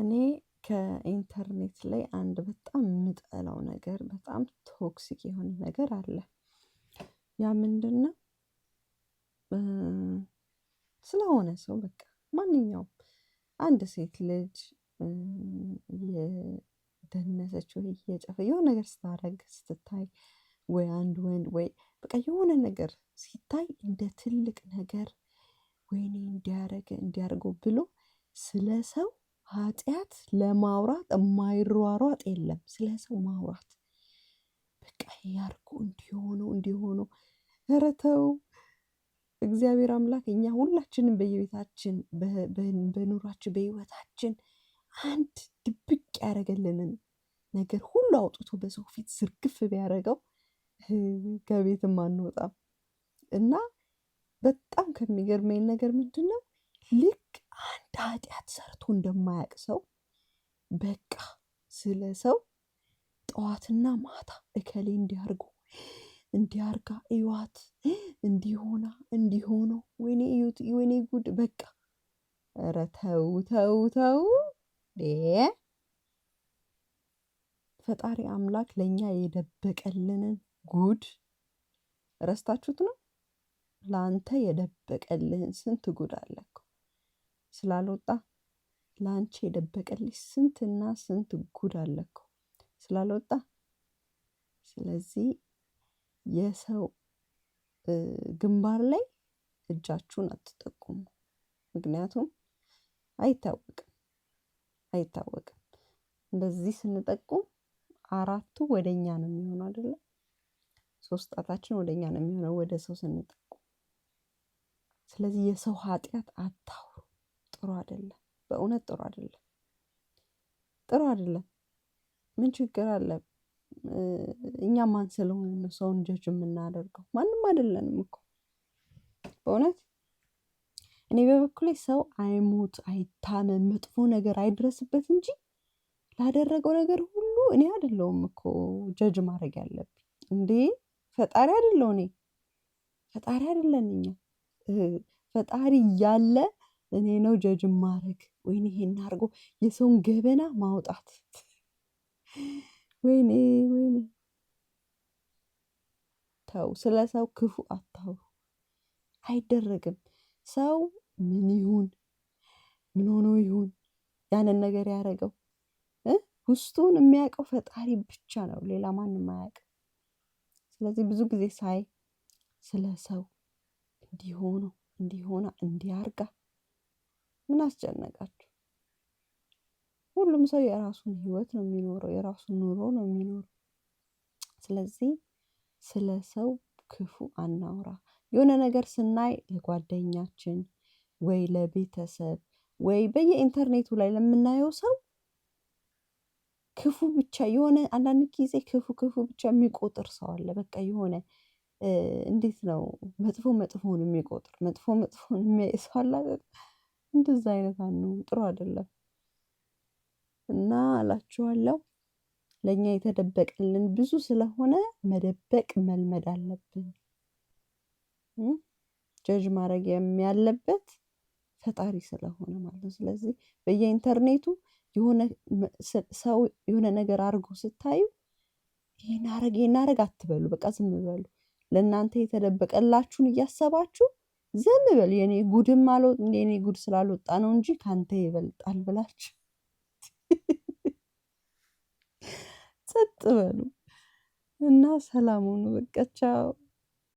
እኔ ከኢንተርኔት ላይ አንድ በጣም የምጠላው ነገር በጣም ቶክሲክ የሆነ ነገር አለ። ያ ምንድነው? ስለሆነ ሰው በቃ ማንኛውም አንድ ሴት ልጅ የደነሰች ወይ እየጨፈ የሆነ ነገር ስታደርግ ስትታይ ወይ አንድ ወንድ ወይ በቃ የሆነ ነገር ሲታይ እንደ ትልቅ ነገር ወይኔ እንዲያረገ እንዲያደርገው ብሎ ስለ ሰው ኃጢአት ለማውራት የማይሯሯጥ የለም። ስለ ሰው ማውራት በቃ ያርኩ እንዲሆኑ እንዲሆኑ ረተው እግዚአብሔር አምላክ እኛ ሁላችንም በየቤታችን በኑሯችን በህይወታችን አንድ ድብቅ ያደረገልንን ነገር ሁሉ አውጥቶ በሰው ፊት ዝርግፍ ቢያደረገው ከቤትም አንወጣም እና በጣም ከሚገርመኝ ነገር ምንድን ነው ልክ አንድ ኃጢአት ሰርቶ እንደማያውቅ ሰው በቃ ስለ ሰው ጠዋትና ማታ እከሌ እንዲያርጉ እንዲያርጋ እዩዋት እንዲሆና እንዲሆኖ ወይኔ እዩት ወይኔ ጉድ በቃ ኧረ ተው ተው ተው ፈጣሪ አምላክ ለእኛ የደበቀልንን ጉድ ረስታችሁት ነው ለአንተ የደበቀልህን ስንት ጉድ አለኩ ስላልወጣ ለአንቺ የደበቀልሽ ስንትና ስንት ጉድ አለ እኮ ስላልወጣ። ስለዚህ የሰው ግንባር ላይ እጃችሁን አትጠቁሙ። ምክንያቱም አይታወቅም አይታወቅም። እንደዚህ ስንጠቁም አራቱ ወደ እኛ ነው የሚሆነው አይደለም? ሶስት ጣታችን ወደ እኛ ነው የሚሆነው ወደ ሰው ስንጠቁም። ስለዚህ የሰው ኃጢአት አታው ጥሩ አይደለም። በእውነት ጥሩ አይደለም። ጥሩ አይደለም። ምን ችግር አለ? እኛ ማን ስለሆነ ነው ሰውን ጀጅ የምናደርገው? ማንም አይደለንም እኮ በእውነት እኔ በበኩሌ ሰው አይሞት፣ አይታመም፣ መጥፎ ነገር አይድረስበት እንጂ ላደረገው ነገር ሁሉ እኔ አይደለሁም እኮ ጀጅ ማድረግ ያለብኝ። እንዴ ፈጣሪ አይደለው እኔ ፈጣሪ አይደለን እኛ ፈጣሪ እያለ እኔ ነው ጀጅ ማድረግ። ወይን ይሄን አድርጎ የሰውን ገበና ማውጣት ወይኔ ወይኔ። ተው፣ ስለ ሰው ክፉ አታውሩ፣ አይደረግም። ሰው ምን ይሁን ምን ሆኖ ይሁን ያንን ነገር ያደረገው ውስጡን የሚያውቀው ፈጣሪ ብቻ ነው፣ ሌላ ማንም አያውቅም። ስለዚህ ብዙ ጊዜ ሳይ ስለ ሰው እንዲሆነው እንዲሆና እንዲያርጋ ምን አስጨነቃችሁ? ሁሉም ሰው የራሱን ህይወት ነው የሚኖረው፣ የራሱን ኑሮ ነው የሚኖረው። ስለዚህ ስለ ሰው ክፉ አናውራ። የሆነ ነገር ስናይ ለጓደኛችን ወይ ለቤተሰብ ወይ በየኢንተርኔቱ ላይ ለምናየው ሰው ክፉ ብቻ የሆነ አንዳንድ ጊዜ ክፉ ክፉ ብቻ የሚቆጥር ሰው አለ። በቃ የሆነ እንዴት ነው መጥፎ መጥፎን የሚቆጥር መጥፎ መጥፎን የሚያይ ሰው አለ። እንደዛ አይነት አንሁን፣ ጥሩ አይደለም እና አላችኋለሁ። ለእኛ የተደበቀልን ብዙ ስለሆነ መደበቅ መልመድ አለብን። ጀጅ ማድረግ የሚያለበት ፈጣሪ ስለሆነ ማለት ነው። ስለዚህ በየኢንተርኔቱ የሆነ ሰው የሆነ ነገር አድርጎ ስታዩ ይሄን አረግ ይሄን አረግ አትበሉ። በቃ ዝም በሉ። ለእናንተ የተደበቀላችሁን እያሰባችሁ ዝም በል የኔ ጉድም አሎ የኔ ጉድ ስላልወጣ ነው እንጂ ካንተ ይበልጣል ብላችሁ ጸጥ በሉ እና ሰላሙን በቃ ቻው።